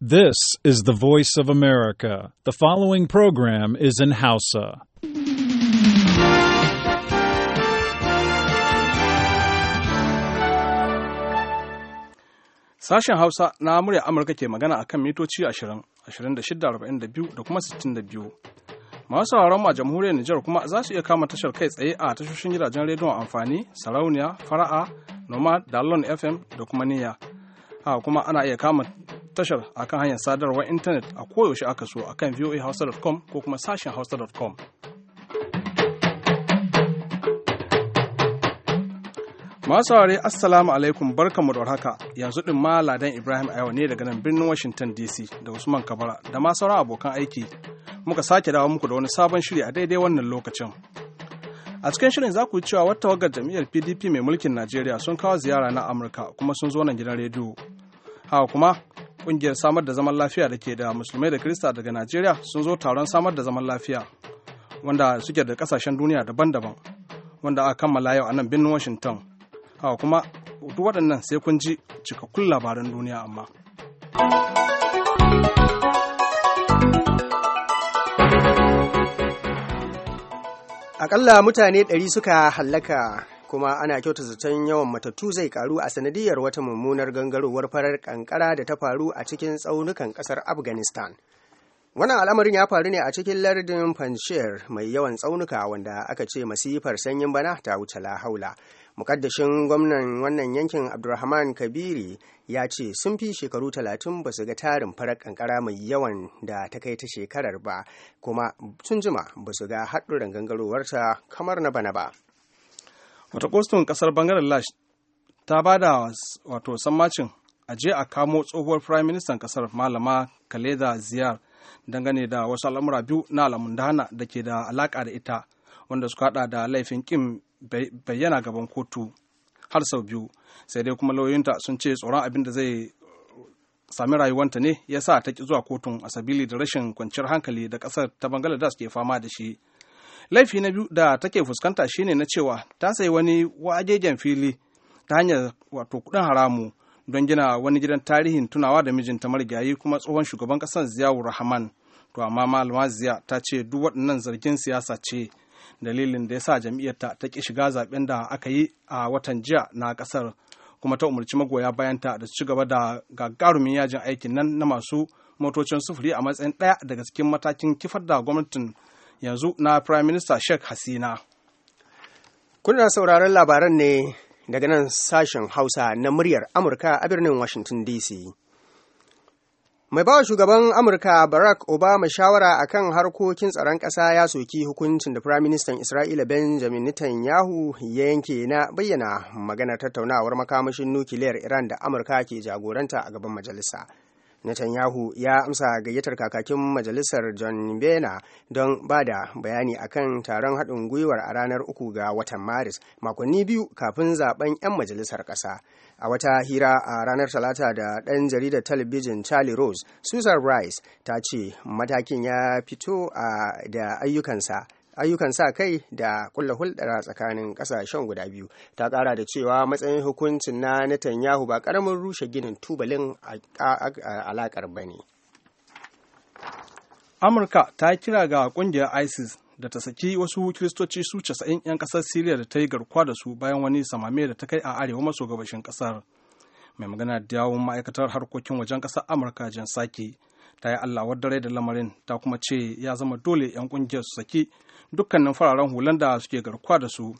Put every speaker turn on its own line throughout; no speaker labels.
This is the voice of America. The following program is in Hausa.
Sashen Hausa na murya Amurka ke magana a kan mitoci 20, 26, da kuma 62. Masu sauraron a jamhuriyar Nijar kuma za su iya kama tashar kai tsaye a tashoshin gidajen rediyon amfani, sarauniya, fara'a, Noma, dalon FM da kuma niyya. Haka kuma ana iya kama tashar akan hanyar sadarwar intanet a koyaushe aka so akan voahausa.com ko kuma sashen hausa.com. Masu ware Assalamu alaikum barkanmu da haka yanzu ɗin ma Ladan Ibrahim a ne daga nan birnin Washington DC da Usman Kabara da ma sauran abokan aiki muka sake dawo muku da wani sabon shiri a daidai wannan lokacin. A cikin shirin za ku yi cewa wata tawagar jam'iyyar PDP mai mulkin Najeriya sun kawo ziyara na Amurka kuma sun zo nan gidan rediyo. Haka kuma kungiyar samar da zaman lafiya da ke da musulmai da krista daga najeriya sun zo taron samar da zaman lafiya wanda suke da kasashen duniya daban-daban wanda aka kammala yau a nan birnin washington haka kuma duk waɗannan sai kun ji cikakkun labaran duniya amma
akalla mutane ɗari suka hallaka kuma ana kyauta zaton yawan matattu zai karu a sanadiyar wata mummunar gangarowar farar kankara da ta faru a cikin tsaunukan kasar afghanistan wannan al'amarin ya faru ne a cikin lardin panjshir mai yawan tsaunuka wanda aka ce masifar sanyin bana ta wuce lahaula mukaddashin gwamnan wannan yankin abdulrahman kabiri ya ce sun fi shekaru talatin ba su ga tarin farar kankara mai yawan da ta kai ta shekarar ba kuma sun jima ba su ga haɗurin gangarowarta
kamar na bana ba wata kostun kasar bangaren lash ta ba da wato sammacin aje a kamo tsohuwar prime ministan kasar malama kaleda ziyar dangane da wasu al'amura biyu na al'amun da ke da alaka da ita wanda suka hada da laifin kin bayyana gaban kotu har sau biyu sai dai kuma lauyoyinta sun ce tsoron abin da zai sami rayuwanta ne ya sa ta ki zuwa kotun a sabili da rashin kwanciyar hankali da kasar ta bangladesh ke fama da shi laifi na biyu da take fuskanta shine na cewa ta sayi wani wajejen fili ta hanyar wato kudin haramu don gina wani gidan tarihin tunawa da mijinta marigayi kuma tsohon shugaban kasar ziyawu rahman to amma malama ziya ta ce duk waɗannan zargin siyasa ce dalilin da ya sa jam'iyyarta ta ki shiga zaben da aka yi a watan jiya na kasar kuma ta umarci magoya bayanta da ci gaba da gagarumin yajin aikin nan na masu motocin sufuri a matsayin ɗaya daga cikin matakin kifar da gwamnatin yanzu na Prime Minister Sheikh Hasina.
Kuna sauraron labaran ne daga nan sashen Hausa na muryar Amurka a birnin Washington DC. Mai bawa shugaban Amurka Barack Obama shawara a kan harkokin tsaron ƙasa ya soki hukuncin da Firaministan Isra'ila Benjamin Netanyahu ya yanke na bayyana maganar tattaunawar makamashin nukiliyar Iran da Amurka ke jagoranta a gaban majalisa. Netanyahu ya amsa gayyatar kakakin majalisar John Bena don ba da bayani akan taron haɗin gwiwar a ranar uku ga watan Maris makonni biyu kafin zaben 'yan majalisar ƙasa. A wata hira a ranar Talata da ɗan jaridar talabijin Charlie Rose, Susan Rice ta ce matakin ya fito da ayyukansa. ayyukan sa kai da kulla hulɗar tsakanin ƙasashen guda biyu ta ƙara da cewa matsayin hukuncin na netanyahu ba ƙaramin rushe ginin tubalin alaƙar ba ne
amurka ta kira ga ƙungiyar isis da ta saki wasu kiristoci su casa'in 'yan ƙasar siriya da ta yi garkuwa da su bayan wani samame da ta kai a arewa maso gabashin ƙasar mai magana da yawon ma'aikatar harkokin wajen ƙasar amurka jan saki ta yi allah dare da lamarin ta kuma ce ya zama dole 'yan kungiyar su saki dukkanin fararen hulan da suke garkuwa da su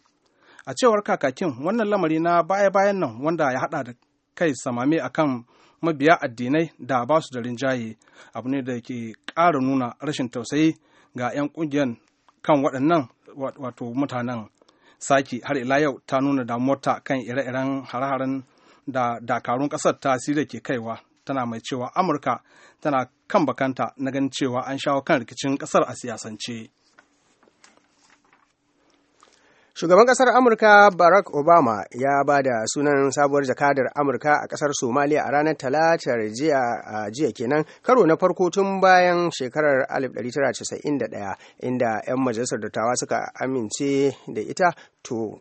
a cewar kakakin wannan lamari na baya-bayan nan wanda ya hada da kai samame akan mabiya addinai da ba su da rinjaye abu ne da ke ƙara nuna rashin tausayi ga 'yan ƙungiyar kan waɗannan wato mutanen saki har ila yau ta nuna damuwarta kan ire-iren hare-haren da dakarun ƙasar ta ke kaiwa tana mai cewa amurka tana kan bakanta na ganin cewa an shawo kan rikicin kasar a siyasance
shugaban kasar amurka barack obama ya ba da sunan sabuwar jakadar amurka a kasar somalia a ranar talatar jiya jiya kenan karo na farko tun bayan shekarar 1991 inda 'yan majalisar dattawa suka amince da ita to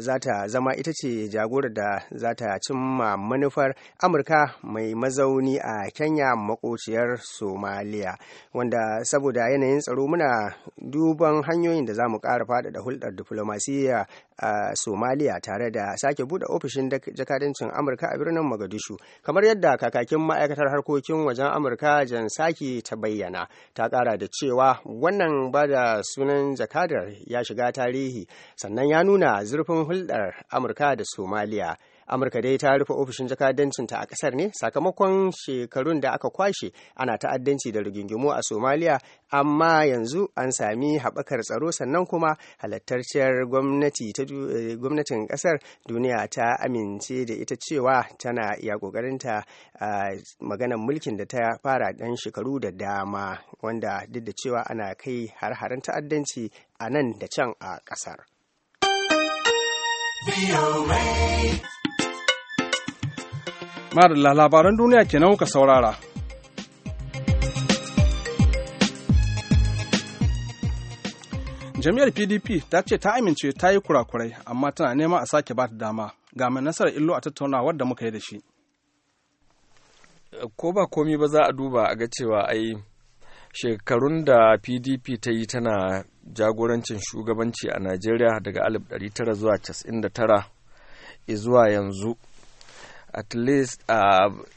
za ta zama ita ce jagorar da za ta cimma manufar amurka mai mazauni a kenya makociyar somaliya wanda saboda yanayin tsaro muna duban hanyoyin da za mu ƙara faɗaɗa hulɗar diflomasiyya a somaliya tare da sake buɗe ofishin jakadancin amurka a birnin mogadishu kamar yadda kakakin ma'aikatar harkokin wajen amurka jan saki ta bayyana ta ƙara da cewa wannan ba da sunan jakadar ya shiga tarihi sannan ya nuna zurfin hulɗar amurka da somaliya amurka dai ta rufe ofishin jakadancinta a ƙasar ne sakamakon shekarun da aka kwashe ana ta'addanci da rigingimu a somaliya amma yanzu an sami haɓakar tsaro sannan kuma halattarciyar eh, gwamnatin ƙasar duniya ta amince da ita cewa tana iya ƙoƙarinta ta maganar mulkin da ta fara ɗan shekaru da dama wanda duk da cewa ana kai har-haren ta'addanci a nan da can a ƙasar.
Madalla labaran duniya kenan kuka saurara. Jami'ar PDP ta ce ta amince ta yi kurakurai amma tana nema a sake ba ta dama ga mai nasarar illo a tattaunawar da muka yi da shi.
Ko ba komi ba za a duba a ga cewa ai shekarun da PDP ta yi tana jagorancin shugabanci a najeriya daga 1999 zuwa 99 zuwa yanzu at least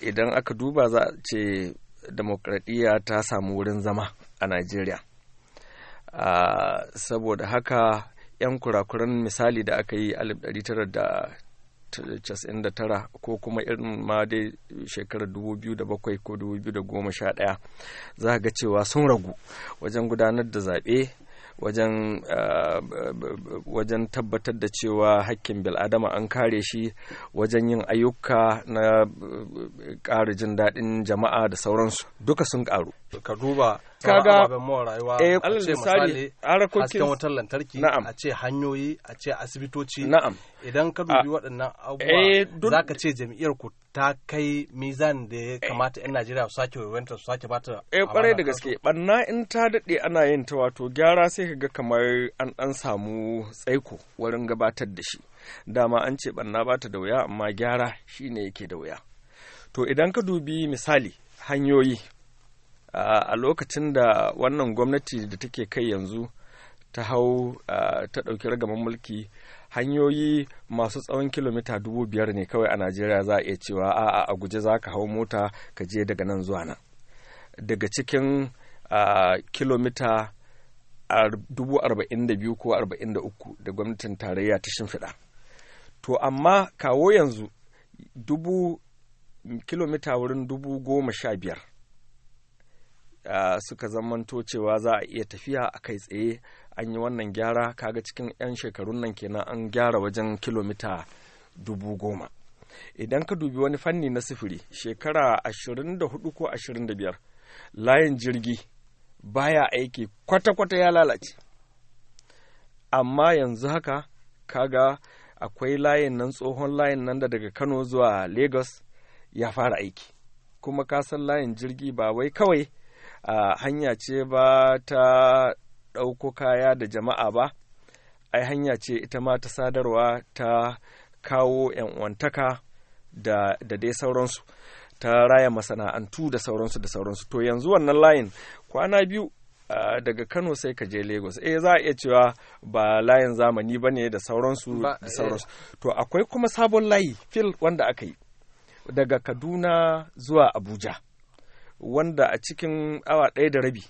idan aka duba za a ce demokradiyya ta samu wurin zama a najeriya saboda haka 'yan kurakuran misali da aka yi 1999 ko kuma irin ma dai shekarar 2007 ko 2011 za ga cewa sun ragu wajen gudanar da zaɓe Uh, wajen tabbatar da cewa hakkin bil'adama an kare shi wajen yin ayyuka na uh, ƙara jin daɗin jama'a da sauransu duka sun ƙaru
ka duba kaga eh, a alal misali hasken wutar lantarki a ce hanyoyi a ce asibitoci idan ka dubi waɗannan abubuwa eh, zaka ce jam'iyyar ku ta kai mizan da ya eh. kamata 'yan Najeriya su sake wayanta su sake bata a kwarai da
gaske banna in ta daɗe ana yin ta wato gyara sai ka ga kamar an ɗan samu tsaiko wurin gabatar da shi dama an ce banna ta da wuya amma gyara shine yake da wuya to idan ka dubi misali hanyoyi a lokacin da wannan gwamnati da take kai yanzu ta hau ta ɗauki ragaman mulki hanyoyi masu tsawon kilomita dubu biyar ne kawai a najeriya za a iya cewa a a guje za ka hau mota ka je daga nan zuwa nan daga cikin kilomita dubu arba'in da biyu ko arba'in da uku da gwamnatin tarayya ta shimfiɗa to amma kawo yanzu dubu kilomita wurin dubu goma sha biyar Eh, suka zamanto cewa za a iya tafiya a kai tsaye an yi wannan gyara kaga cikin 'yan shekarun nan kenan an gyara wajen kilomita dubu goma idan ka dubi wani fanni na sifiri shekara 24 ko 25 layin jirgi baya aiki kwata-kwata ya lalace amma yanzu haka kaga akwai layin nan tsohon layin nan da daga kano zuwa lagos ya fara aiki kuma kasan layin jirgi ba wai kawai a hanya ce ba ta ɗauko kaya da jama'a ba ai hanya ce ita ma ta sadarwa ta kawo 'yan uwantaka da, da dai sauransu ta raya masana'antu da sauransu da sauransu to yanzu wannan layin kwana biyu daga Kano sai ka je Lagos. Eh za a iya cewa ba layin zamani ba ne da sauransu da eh. sauransu. To akwai kuma sabon layi fil wanda aka yi daga Kaduna zuwa Abuja. wanda a cikin awa ɗaya da rabi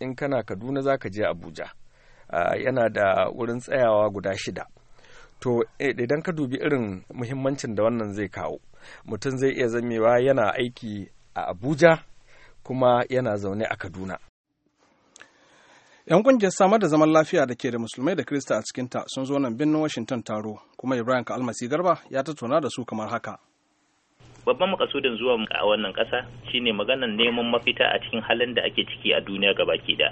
in kana kaduna za ka je abuja yana da wurin tsayawa guda shida to eh, idan ka dubi irin muhimmancin da wannan zai kawo mutum zai iya zamewa yana aiki a abuja kuma yana zaune
a kaduna yan kungiyar samar da zaman lafiya da ke da musulmai da krista a cikinta sun zo nan birnin washington taro kuma ibrahim ka Almasi garba ya tattauna da su kamar haka
babban makasudin zuwa a wannan ƙasa shine maganar neman mafita a cikin halin da ake ciki a duniya ke da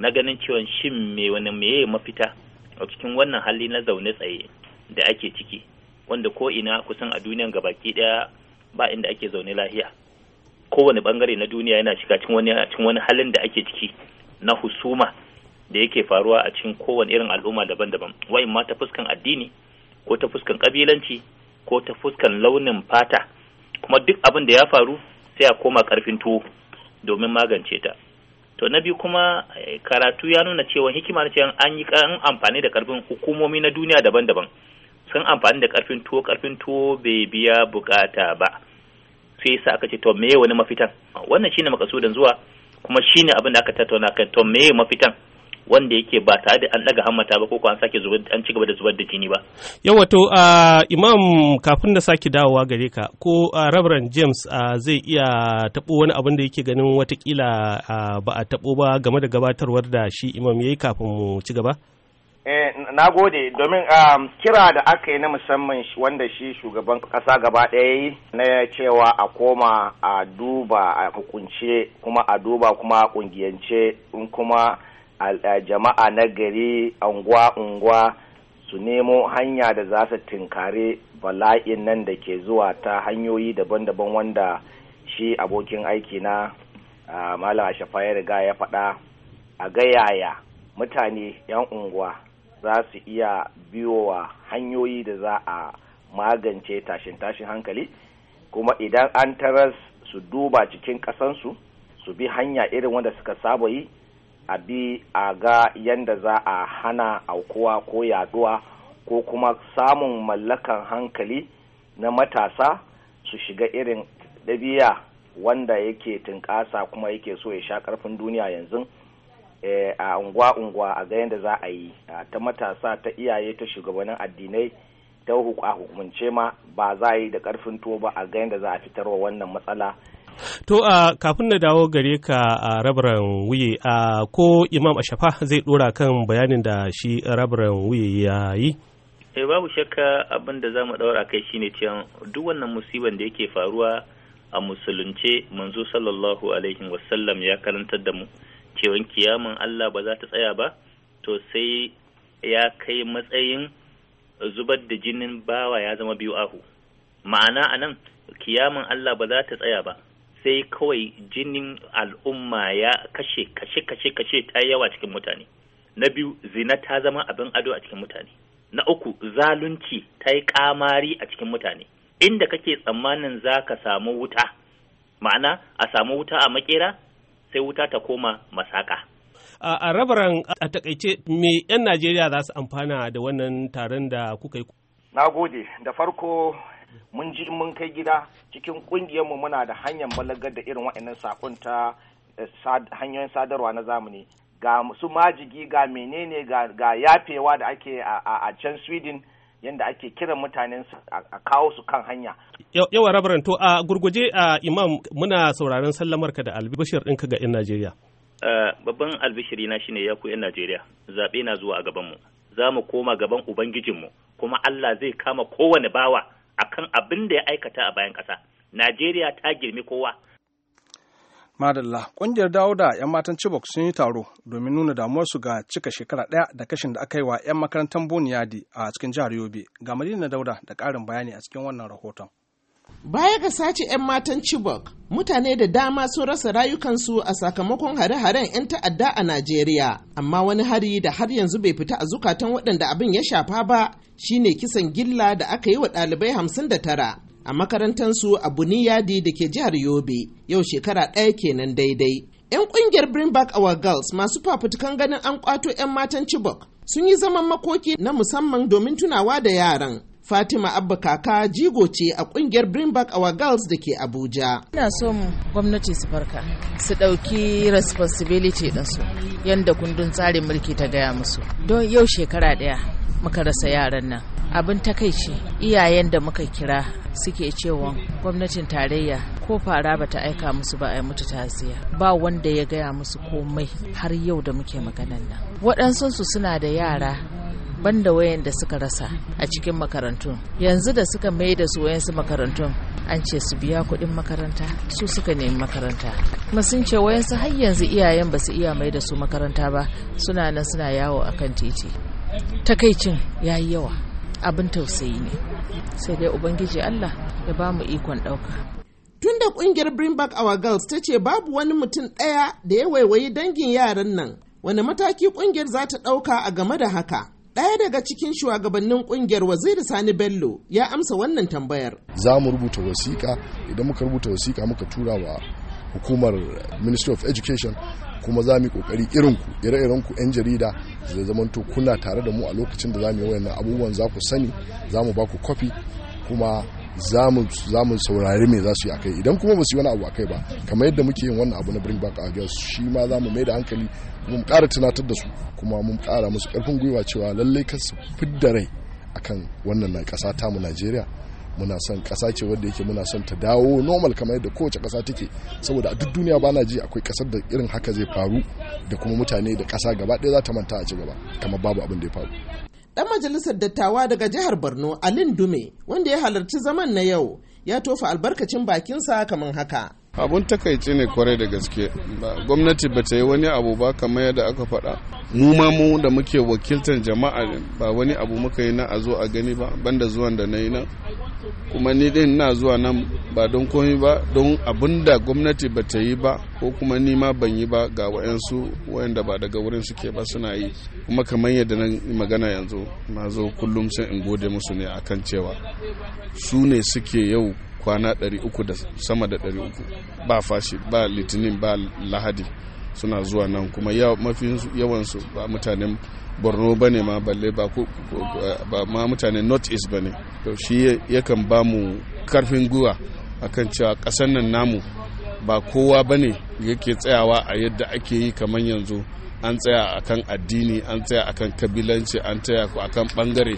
na ganin cewa shin me wani meye mafita a cikin wannan hali na zaune tsaye da ake ciki wanda ko ina kusan a duniya gaba gabaki daya ba inda ake zaune lahiya kowane bangare na duniya yana shiga cikin wani cikin wani halin da ake ciki na husuma da yake faruwa a cikin kowane irin al'umma daban-daban wa'imma ma ta fuskan addini ko ta fuskan kabilanci ko ta fuskan launin fata kuma duk abin da ya faru sai a koma karfin tuwo domin magance ta to na biyu kuma eh, karatu ya nuna cewa hikima na cewa an yi amfani da karfin hukumomi na duniya daban-daban sun amfani da karfin tuwo karfin tuwo bai biya bukata ba sai sa aka ce to meye wani mafitan wannan shine makasudan zuwa kuma shine abin da aka tattauna kan to meye mafitan wanda yake ba tare da an daga hammata ba ko ko an sake zubar an ci da zubar da jini ba
yawa to imam kafin da sake dawowa gare ka ko reverend james zai iya tabo wani abin da yake ganin watakila ba a tabo ba game da gabatarwar da shi imam yayi kafin mu ci gaba eh,
na gode domin
kira da aka yi na musamman wanda shi shugaban kasa gaba ɗaya yi na cewa a koma a duba a hukunce kuma a duba kuma a kungiyance in kuma jama'a na gari unguwa unguwa su nemo hanya da za su tinkare bala'in nan da ke zuwa ta hanyoyi daban-daban wanda shi abokin aiki na malam ashafa ya riga ya faɗa a gayaya mutane 'yan unguwa za su iya biyowa hanyoyi da za a magance tashin-tashin hankali kuma idan an taras su duba cikin ƙasansu su bi hanya irin wanda suka saba yi a bi a ga yadda za a hana aukuwa ko yaduwa ko kuma samun mallakan hankali na matasa su shiga irin ɗabi'a wanda yake tunƙasa kuma yake so ya sha ƙarfin duniya yanzu eh, a unguwa-unguwa a ga yadda za a yi ta matasa ta iyaye ta shugabannin addinai ta hukumance ma ba za a yi da ƙarfin tuwo ba a ga yadda za a fitarwa wannan matsala
To a kafin na dawo gare ka a rabaran wuye a ko Imam Ashafa zai dora kan bayanin da shi rabaran wuye ya yi?
Eh babu shakka abin da za mu daura kai shine cewa duk wannan musiban da yake faruwa a musulunce manzo sallallahu alaihi wasallam ya karantar da mu cewa kiyaman Allah ba za ta tsaya ba to sai ya kai matsayin zubar da jinin bawa ya zama biyu ahu ma'ana anan kiyaman Allah ba za ta tsaya ba sai kawai jinin al'umma ya kashe kashe kashe kashe ta yawa cikin mutane na biyu zina ta zama abin ado a cikin mutane na uku zalunci ta yi kamari a cikin mutane inda kake tsammanin za ka samu wuta ma'ana a samu wuta a makera sai wuta ta koma masaka
a rabaran a takaice me 'yan najeriya za su amfana da wannan taron da kuka yi
na gode da farko mun ji mun kai gida cikin kungiyarmu muna da hanyar balagar da irin wa'annan sakon ta eh, hanyoyin sadarwa na zamani ga su majigi ga menene ga yafewa da ake a can sweden yadda ake kiran mutanen a kawo su kan hanya.
Yawa rabaran to a gurguje a imam muna sauraron sallamarka da albishir ɗinka ga 'yan Najeriya.
Eh, babban albishiri na shine ya ku 'yan Najeriya zaɓe na zuwa a gabanmu za mu koma gaban Ubangijinmu kuma Allah zai kama kowane bawa akan abin da ya aikata a bayan ƙasa najeriya ta girmi kowa
madalla ƙungiyar Dauda 'yan matan chibok sun yi taro domin nuna damuwarsu ga cika shekara ɗaya da kashin da aka yi wa 'yan makarantar boniyadi a cikin jihar yobe ga madina dauda da ƙarin bayani a cikin wannan rahoton Baya ga sace 'yan matan Chibok, mutane da dama sun rasa rayukansu a sakamakon
hare-haren 'yan ta'adda a Najeriya, amma wani hari da har yanzu bai fita a zukatan waɗanda abin ya shafa ba shine kisan gilla da aka yi wa ɗalibai hamsin da tara a makarantansu a Buniyadi da ke jihar Yobe, yau shekara ɗaya kenan daidai. 'Yan ƙungiyar Bring Back Our Girls masu fafutukan ganin an ƙwato 'yan matan Chibok sun yi zaman makoki na musamman domin tunawa da yaran. Fatima Abba Kaka jigo ce a kungiyar Bring Back Our Girls da ke Abuja. Ina so mu gwamnati su farka su ɗauki responsibility ɗinsu yadda kundin tsarin mulki ta gaya musu. Don yau shekara ɗaya muka rasa yaran nan. Abin takaici iyayen da muka kira suke cewa gwamnatin tarayya ko fara bata aika musu ba a yi mutu taziya ba wanda ya gaya musu komai har yau da muke maganan nan waɗansu suna da yara banda wayan da suka rasa a cikin makarantun yanzu da suka mai da su wayansu makarantun an ce su biya kuɗin makaranta su suka nemi makaranta kuma sun ce wayansu har yanzu iyayen ba su iya mai da su makaranta ba suna nan suna yawo a kan titi takaicin ya yi yawa abin tausayi ne sai dai ubangiji allah ya ba mu ikon ɗauka tun da kungiyar bring back our girls ta ce babu wani mutum ɗaya da ya waiwayi dangin yaran nan wani mataki kungiyar za ta ɗauka a game da haka Ɗaya daga cikin shugabannin ƙungiyar Waziri Sani Bello ya amsa wannan tambayar.
Za mu rubuta wasiƙa idan muka rubuta wasiƙa muka tura wa hukumar Ministry of Education kuma za mu yi kokari irinku ire-irenku 'yan jarida zai zamanto kuna tare da mu a lokacin da za mu yi wayannan abubuwan za ku sani za mu ba ku kwafi kuma za mu saurari me za su yi akai idan kuma ba su yi wani abu akai ba kamar yadda muke yin wannan abu na bring back our girls shi ma za mu mai da hankali kuma mu kara tunatar da su kuma mun kara musu ƙarfin gwiwa cewa lallai ka su fidda rai akan wannan ƙasa tamu Najeriya muna son kasa ce wadda yake muna son ta dawo normal kamar yadda kowace kasa take saboda a duk duniya ba na ji akwai kasar da irin haka zai faru da kuma mutane da kasa gaba ɗaya za ta manta a ci gaba kamar babu abin da ya faru
Ɗan majalisar dattawa daga jihar Borno Alin Dume wanda ya halarci zaman na yau ya tofa albarkacin bakinsa kamar haka.
abun takaice ne kwarai da gaske gwamnati ba ta yi wani abu ba kamar yadda aka faɗa mu ma mu da muke wakiltar jama'a ba wani abu muka yi na a zo a gani ba banda zuwan da na yi nan kuma ni din na zuwa nan ba don komi ba don abin da gwamnati ba ta yi ba ko kuma ni ma ban yi ba ga wayansu wayanda ba daga wurin suke ba suna yi kuma kamar yadda na magana yanzu na zo kullum sai in gode musu ne akan cewa su ne suke yau kwana 300 da sama da 300 ba fashi ba litinin ba lahadi suna zuwa nan kuma mafi yawansu ba mutanen borno ba ne ma balle ba ma mutanen north east ba ne to shi yakan ba mu karfin guwa akan cewa kasan nan namu ba kowa ba ne yake tsayawa a yadda ake yi kamar yanzu an tsaya akan addini an tsaya akan kabilanci an tsaya akan bangare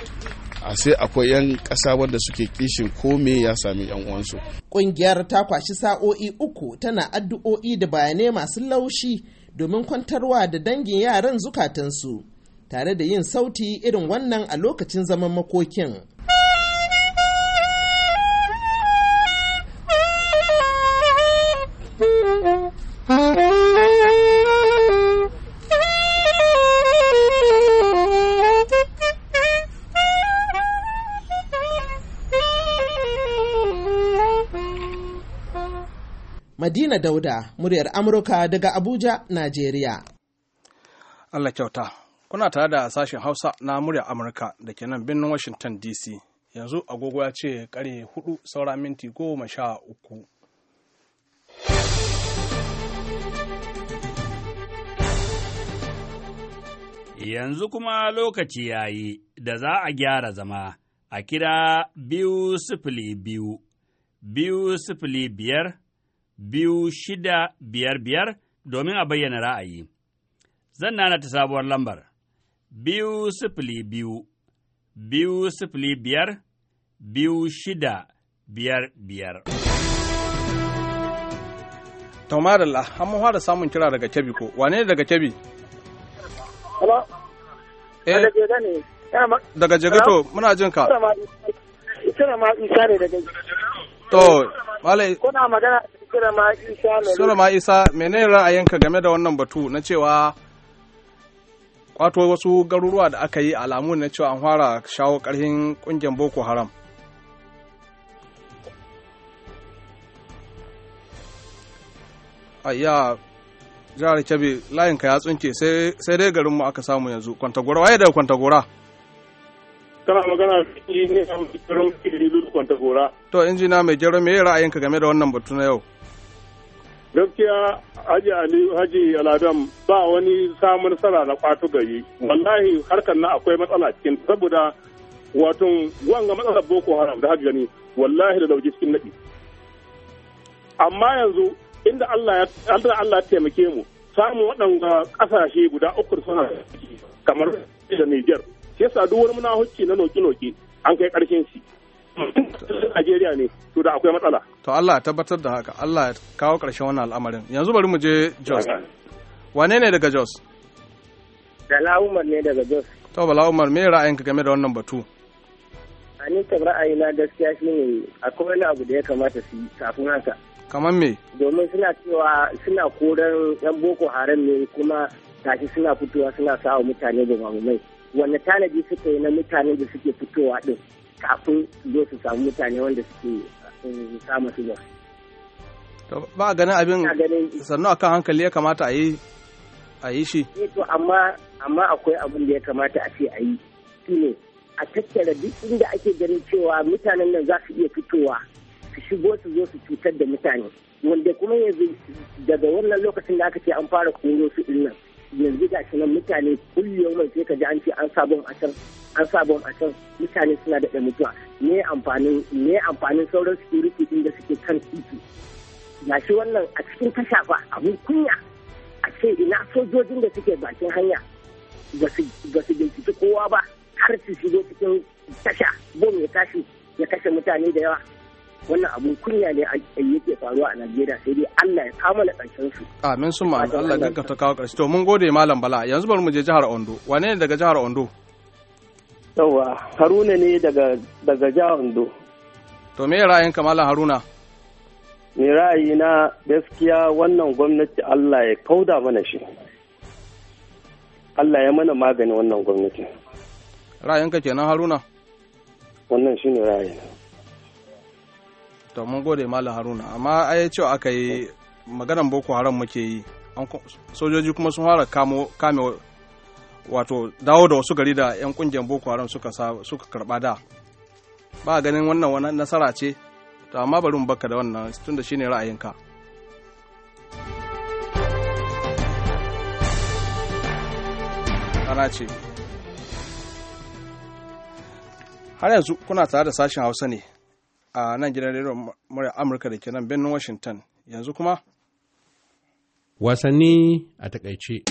a sai akwai 'yan ƙasa wanda suke kishin ko me ya sami 'yan uwansu.
Ƙungiyar ta kwashi sa'o'i uku tana addu'o'i da bayanai masu laushi domin kwantarwa da dangin yaran zukatansu tare da yin sauti irin wannan a lokacin zaman makokin. Madina Dauda, muryar Amurka daga Abuja, Najeriya.
Allah kyauta, kuna tare da sashen Hausa na muryar Amurka da ke nan birnin Washington DC. Yanzu agogo ya ce kare hudu saura minti goma sha uku. Yanzu kuma lokaci ya yi
da za a gyara zama a kira biyu sifili biyu, biyu sifili biyar biyu shida biyar biyar domin a bayyana ra'ayi. Zan nana ta sabuwar lambar biyu sifili biyu, biyu sifili biyar, biyu shida biyar
biyar. Taumarallah, an mun fara samun kira daga Kebbi ko, wane ne daga Kebbi? Hello? Eh,
daga Jagato, muna jin ka. Kira ma isa ne daga Jagato.
To, Malai.
Kuna magana ma
Isa menene ra'ayinka game da wannan batu na cewa kwato wasu garuruwa da aka yi alamu na cewa an fara shawo karhin kungiyar Boko Haram. Ayya jihar Kebbi layinka ya tsunke sai dai garinmu aka samu yanzu kwantagora waye daga kwantagora.
kana magana shi ne a garin kiri kwanta gora.
To injina mai gero ra'ayinka game da wannan batu na yau?
gaskiya haji aliyu haji aladam ba wani samun nasara na kwato gari wallahi harkar na akwai matsala cikin saboda wato wanga matsalar boko haram da haka gani wallahi da dauki cikin nadi amma yanzu inda Allah ya Allah Allah ya taimake mu samun waɗanda kasashe guda uku suna kamar da Niger sai yasa duwar wani na noki-noki an kai ƙarshen shi Nigeria ne to da akwai
matsala. To Allah ya tabbatar da haka Allah ya kawo ƙarshen wannan al'amarin. Yanzu bari mu je Jos. Wane ne daga Jos? Bala Umar ne daga Jos. To Bala Umar me ra'ayinka game da wannan batu?
Ani ta ra'ayina gaskiya shine akwai wani abu da ya kamata su yi kafin haka. Kamar me? Domin suna cewa suna koran 'yan Boko Haram ne kuma tashi suna fitowa suna sawa mutane da mamamai. Wanne tanadi suka yi na mutanen da suke fitowa din? kafin zo su samu mutane wanda suke eh, kama su
ba ganin abin sannu akan hankali ya kamata a yi a yi shi. Eh, to amma amma akwai abin da ya kamata a ce a yi
ne a tattara duk inda ake ganin cewa mutanen nan za su iya fitowa su shigo su zo su cutar da mutane wanda kuma yanzu daga wannan lokacin da aka ce an fara koro su nan yanzu ga shi mutane kullum mai sai ka ji an ce an sabon a can an sabon a can mutane suna da mutuwa ne amfanin ne amfanin sauran security din da suke kan titi ga shi wannan a cikin tasha ba abin kunya a ce ina sojojin da suke bakin hanya ba su binciki kowa ba har su shigo cikin tasha bom ya tashi ya kashe mutane da yawa wannan abun kunya ne yake faruwa a Najeriya sai dai Allah ya kama da ƙarshen su.
Amin sun ma'amin Allah ya ta kawo ƙarshe. To mun gode Malam Bala yanzu bari mu je jihar Ondo. Wane ne daga jihar Ondo?
Yawwa Haruna ne daga daga jihar Ondo.
To me ra'ayinka Malam Haruna?
Me ra'ayi na gaskiya wannan gwamnati Allah ya kauda mana shi. Allah ya mana magani wannan gwamnati.
Ra'ayinka kenan Haruna?
Wannan shine ra'ayina.
to mun gode malam haruna amma ai cewa aka yi maganan boko haram muke yi sojoji kuma sun fara kamo kame wato dawo da wasu gari da yan kungiyar boko haram suka karba da ba ganin wannan wani nasara ce to amma bari mu baka da wannan tunda shine ra'ayinka rana ce har yanzu kuna tare da sashen hausa ne a nan gidan rediyon mara amurka da ke nan birnin washington yanzu kuma
wasanni
a takaice.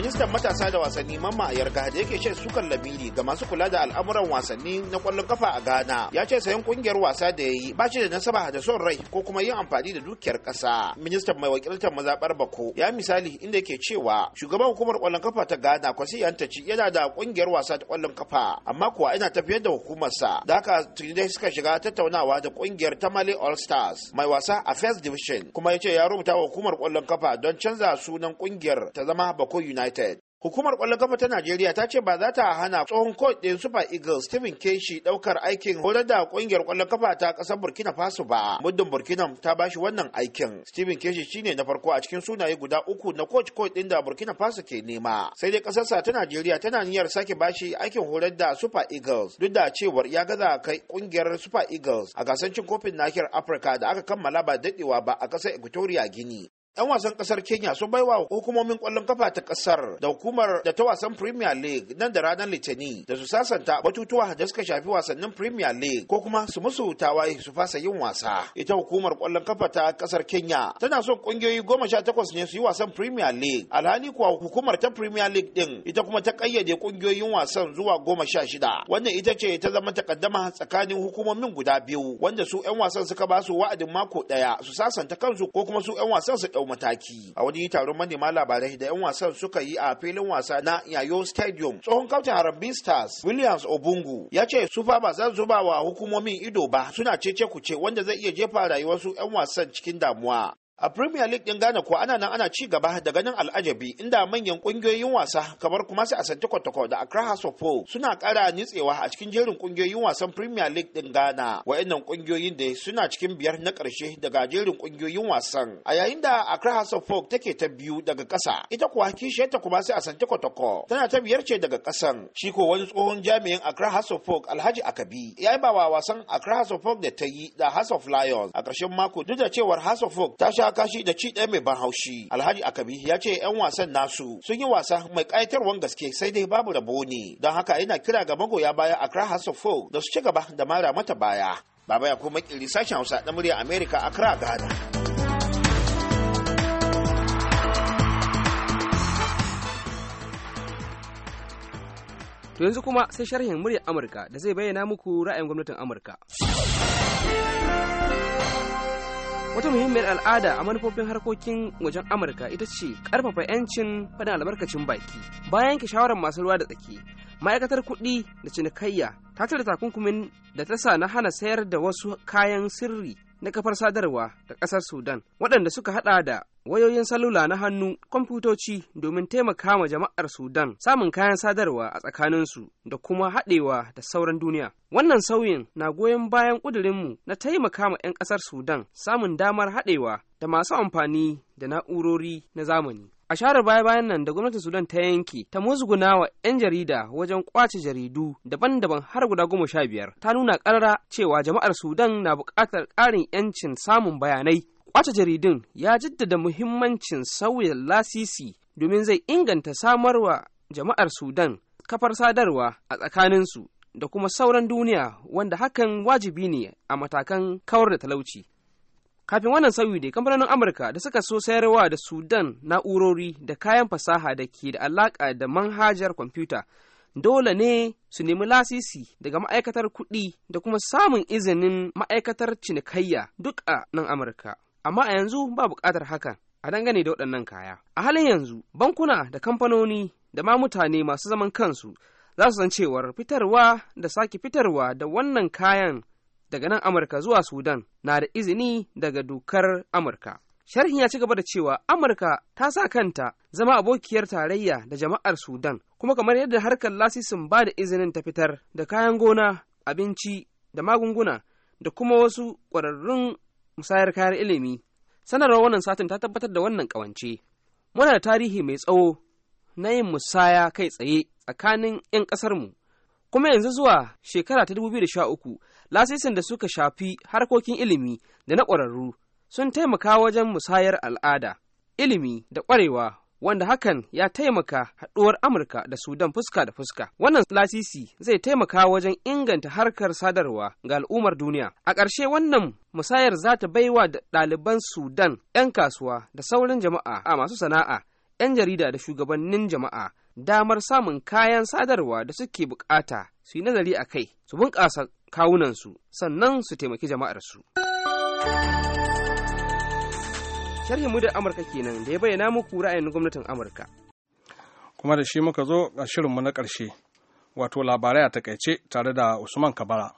ministan matasa da wasanni mamma a yarga da yake shan sukan lamini ga masu kula da al'amuran wasanni na kwallon kafa a ghana ya ce sayan kungiyar wasa da ya yi ba shi da nasaba da son rai ko kuma yin amfani da dukiyar kasa ministan mai wakiltar mazabar bako ya misali inda yake cewa shugaban hukumar kwallon kafa ta ghana kwasi yantaci yana da kungiyar wasa ta kwallon kafa amma kuwa ina tafiyar da hukumarsa da haka dai suka shiga tattaunawa da kungiyar Tamale all stars mai wasa a first division kuma ya ce ya rubuta wa hukumar kwallon kafa don canza sunan kungiyar ta zama bako united United. Hukumar ƙwallon kafa ta Najeriya ta ce ba za ta hana tsohon coach ɗin Super Eagles Stephen Keshi ɗaukar aikin horar da ƙungiyar ƙwallon kafa ta ƙasar Burkina Faso ba. Muddin Burkina ta bashi wannan aikin. Stephen Keshi shine na farko a cikin sunaye guda uku na coach coach ɗin da Burkina Faso ke nema. Sai dai ƙasarsa ta Najeriya tana niyyar sake bashi aikin horar da Super Eagles duk da cewar ya gaza kai ƙungiyar Super Eagles a gasar cin kofin nahiyar Afirka da aka kammala ba daɗewa ba a ƙasar Equatorial Guinea. 'yan wasan kasar kenya sun baiwa hukumomin kwallon kafa ta kasar da hukumar da ta wasan premier league nan da ranar litani da su sasanta batutuwa da suka shafi wasannin premier league ko kuma su musu tawaye su fasa yin wasa ita hukumar kwallon kafa ta kasar kenya tana son kungiyoyi goma sha takwas ne su yi wasan premier league alhali kuwa hukumar ta premier league din ita kuma ta kayyade kungiyoyin wasan zuwa goma sha shida wannan ita ce ta zama takaddama tsakanin hukumomin guda biyu wanda su 'yan wasan suka ba su wa'adin mako daya su sasanta kansu ko kuma su 'yan wasan su ɗau mataki a wani taron manema labarai da 'yan wasan suka yi a filin wasa na yayo stadium tsohon kautin harambee stars williams obungu ya ce su fa ba zan zuba wa hukumomin ido ba suna cece ce wanda zai iya jefa rayuwarsu 'yan wasan cikin damuwa A Premier League din Ghana kuwa ana nan ana ci gaba da ganin al'ajabi inda manyan kungiyoyin wasa kamar kuma su Asante Kotoko da Accra House of suna kara nitsewa a cikin jerin kungiyoyin wasan Premier League din Ghana. Wayannan kungiyoyin da suna cikin biyar na ƙarshe daga jerin kungiyoyin wasan. A yayin da Accra House of take ta biyu daga kasa ita kuwa kishiyarta kuma su Asante Kotoko tana ta biyar ce daga kasan Shi ko wani tsohon jami'in Accra House of Hope Alhaji Akabi ya yi bawa wasan Accra House of da ta yi da House of Lions a ƙarshen mako duk da cewar House of ta sha kashi da ci ɗaya mai ban haushi alhaji akabi ya ce 'yan wasan nasu sun yi wasa mai ƙayatarwan gaske sai dai babu rabo ne don haka yana kira ga magoya baya accra house of folk da su ci gaba da mara mata baya baba ya kuma kiri sashen hausa na murya america a ghana To yanzu kuma sai
sharhin muryar Amurka da zai bayyana muku ra'ayin gwamnatin Amurka. wata muhimmiyar al'ada a manufofin harkokin wajen amurka ita ce karfafa 'yancin faɗin albarkacin baki bayan yanke shawarar masu ruwa da tsaki ma'aikatar kuɗi da cinikayya ta cire takunkumin da ta sa na hana sayar da wasu kayan sirri na kafar sadarwa da ƙasar sudan waɗanda suka hada da wayoyin salula na hannu, kwamfutoci domin taimaka ma jama'ar Sudan samun kayan sadarwa a tsakaninsu da kuma haɗewa da sauran duniya. Wannan sauyin na goyon bayan ƙudurinmu na taimaka ma 'yan ƙasar Sudan samun damar haɗewa da masu amfani da na'urori na zamani. a share baya-bayan nan da gwamnatin sudan ta yanke ta musguna wa 'yan jarida wajen kwace jaridu daban-daban har guda goma sha biyar ta nuna karara cewa jama'ar sudan na buƙatar ƙarin 'yancin samun bayanai Kwace jaridun ya jaddada muhimmancin sauya lasisi domin zai inganta samarwa jama'ar Sudan kafar sadarwa a tsakaninsu da kuma sauran duniya wanda hakan wajibi ne a matakan kawar da talauci. Kafin wannan sauyi da kamfanonin Amurka da suka so sayarwa da Sudan na'urori da kayan fasaha da ke da alaƙa da manhajar kwamfuta dole ne su nemi lasisi daga ma'aikatar kuɗi da kuma samun izinin ma'aikatar cinikayya duk a nan Amurka. amma a yanzu ba buƙatar haka a dangane da waɗannan kaya. A halin yanzu, bankuna da kamfanoni da ma mutane masu zaman kansu za su san cewar fitarwa da sake fitarwa da wannan kayan daga nan Amurka zuwa Sudan na da izini daga dokar Amurka. Sharhin ya ci gaba da cewa Amurka ta sa kanta zama abokiyar tarayya da jama'ar Sudan, kuma kamar yadda harkar lasisin ba da izinin ta fitar da kayan gona, abinci da magunguna da kuma wasu ƙwararrun musayar kayan ilimi sanarwar wannan satin ta tabbatar da wannan ƙawance muna da tarihi mai tsawo na yin musaya kai tsaye tsakanin 'yan ƙasarmu kuma yanzu zuwa shekara ta da uku, lasisin da suka shafi harkokin ilimi da na ƙwararru sun taimaka wajen musayar al'ada ilimi da ƙwarewa wanda hakan ya taimaka haɗuwar Amurka da Sudan fuska da fuska. Wannan lasisi zai taimaka wajen inganta harkar sadarwa ga al'ummar duniya. A ƙarshe wannan musayar za ta baiwa ɗaliban Sudan 'yan kasuwa da sauran jama'a a masu sana'a, 'yan jarida da shugabannin jama'a damar samun kayan sadarwa da suke bukata su yi nazari a kai, su bunƙasa kawunansu, sannan su taimaki jama'ar su.
sharhin mudan Amurka
kenan da ya bayyana muku ra'ayin gwamnatin
Amurka. Kuma da shi muka zo a shirinmu na ƙarshe, wato labarai a takaice tare da Usman Kabara.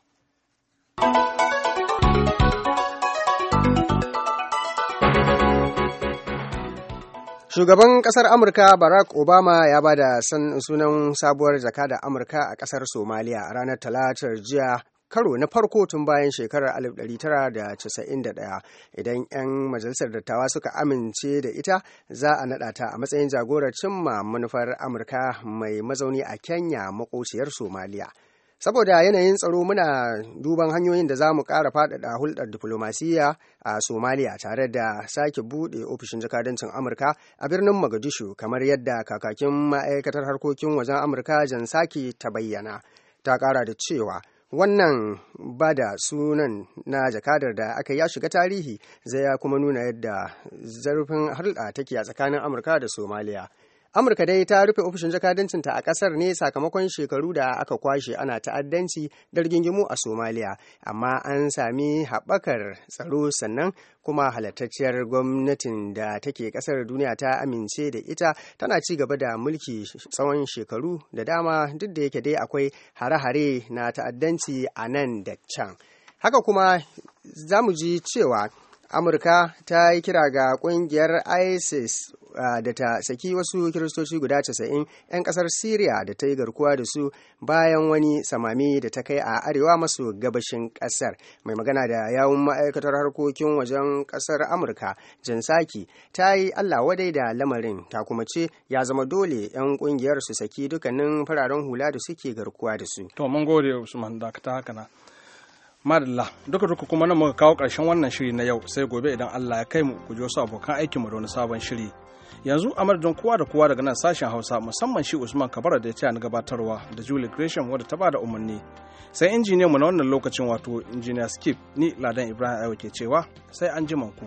Shugaban
ƙasar Amurka Barack Obama ya ba da sunan sabuwar Jaka da Amurka a ƙasar Somaliya ranar Talatar jiya karo na farko tun bayan shekarar 1991 idan 'yan majalisar dattawa suka amince da ita za a naɗa ta a matsayin jagorar cimma manufar amurka mai mazauni a kenya makociyar somaliya saboda yanayin tsaro muna duban hanyoyin da za mu ƙara faɗaɗa hulɗar diflomasiyya a somaliya tare da sake buɗe ofishin jakadancin amurka a birnin Magadishu kamar yadda kakakin ma'aikatar harkokin wajen amurka jan saki ta bayyana ta ƙara da cewa wannan ba da sunan na jakadar da aka ya shiga tarihi zai ya kuma nuna yadda zarfin hulɗa take a tsakanin amurka da somaliya Amurka dai ta rufe ofishin jakadancinta a ƙasar ne sakamakon shekaru da aka kwashe ana ta'addanci da rigingimu a Somaliya, amma an sami haɓakar tsaro sannan kuma halattacciyar gwamnatin da take ƙasar duniya ta amince da ita tana ci gaba da mulki tsawon shekaru da dama duk da yake dai akwai hare-hare na ta'addanci a nan da can. Haka kuma za mu ji cewa amurka ta yi kira ga kungiyar isis uh, da ta saki wasu kiristoci guda casa'in 'yan kasar syria da ta yi garkuwa da su bayan wani samami da ta kai a arewa masu gabashin kasar mai magana da yawun ma'aikatar harkokin wajen kasar amurka jan saki ta yi allah wadai da lamarin ta kuma ce ya zama dole 'yan kungiyar su saki dukkanin fararen hula da suke garkuwa da su
to mun gode usman ta haka na madalla duka duka kuma nan muka kawo ƙarshen wannan shiri na yau sai gobe idan allah ya kai mu ku ji wasu abokan aiki da wani sabon shiri yanzu a madadin kowa da kowa daga nan sashen hausa musamman shi usman kabara da ya taya na gabatarwa da julie gresham wadda ta bada umarni sai injiniyan mu na wannan lokacin wato injiniya skip ni ladan ibrahim aiwa ke cewa sai an ji ku.